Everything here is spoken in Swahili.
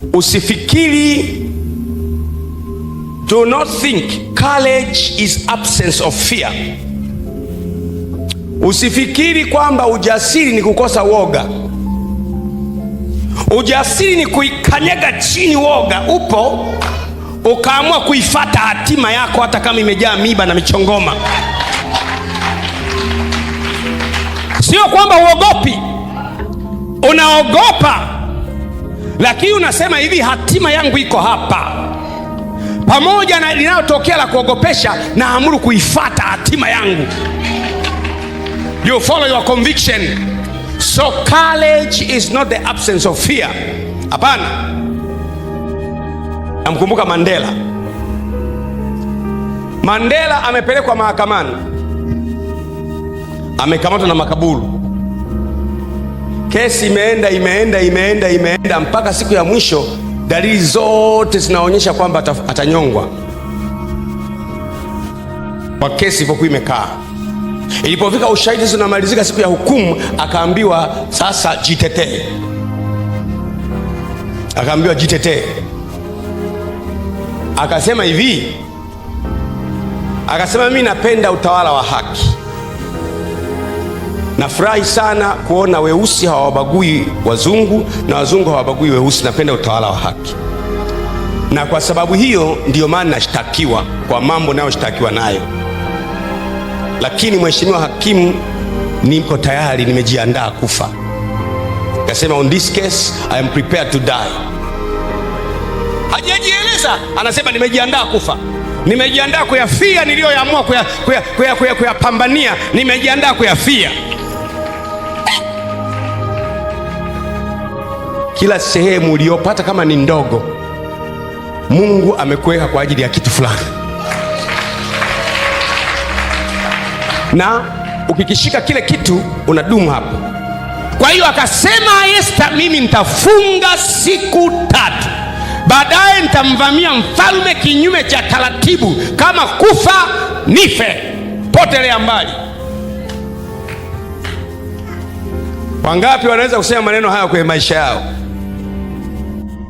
Usifikiri, do not think courage is absence of fear. Usifikiri kwamba ujasiri ni kukosa woga. Ujasiri ni kuikanyega chini woga upo, ukaamua kuifata hatima yako, hata kama imejaa miba na michongoma. Sio kwamba uogopi, unaogopa lakini unasema hivi, hatima yangu iko hapa, pamoja na linalotokea la kuogopesha, naamuru kuifata hatima yangu. You follow your conviction. So courage is not the absence of fear. Hapana, namkumbuka Mandela. Mandela amepelekwa mahakamani, amekamatwa na makaburu Kesi imeenda imeenda imeenda imeenda mpaka siku ya mwisho, dalili zote zinaonyesha kwamba atanyongwa kwa kesi ilipokuwa imekaa. Ilipofika ushahidi zinamalizika, siku ya hukumu, akaambiwa sasa jitetee, akaambiwa jitetee, akasema hivi, akasema mimi napenda utawala wa haki Nafurahi sana kuona weusi hawabagui wazungu na wazungu hawabagui weusi. Napenda utawala wa haki, na kwa sababu hiyo ndiyo maana nashtakiwa kwa mambo nayoshtakiwa nayo, lakini mheshimiwa hakimu, niko tayari, nimejiandaa kufa. Kasema, on this case I am prepared to die. Hajajieleza, anasema nimejiandaa kufa nimejiandaa kuyafia niliyoyaamua kuyapambania, kuya, kuya, kuya, kuya nimejiandaa kuyafia. Kila sehemu uliyopata kama ni ndogo, Mungu amekuweka kwa ajili ya kitu fulani, na ukikishika kile kitu unadumu hapo. Kwa hiyo akasema Esta, mimi nitafunga siku tatu, baadaye nitamvamia mfalme kinyume cha taratibu, kama kufa nife, potelea mbali. Wangapi wanaweza kusema maneno haya kwenye maisha yao?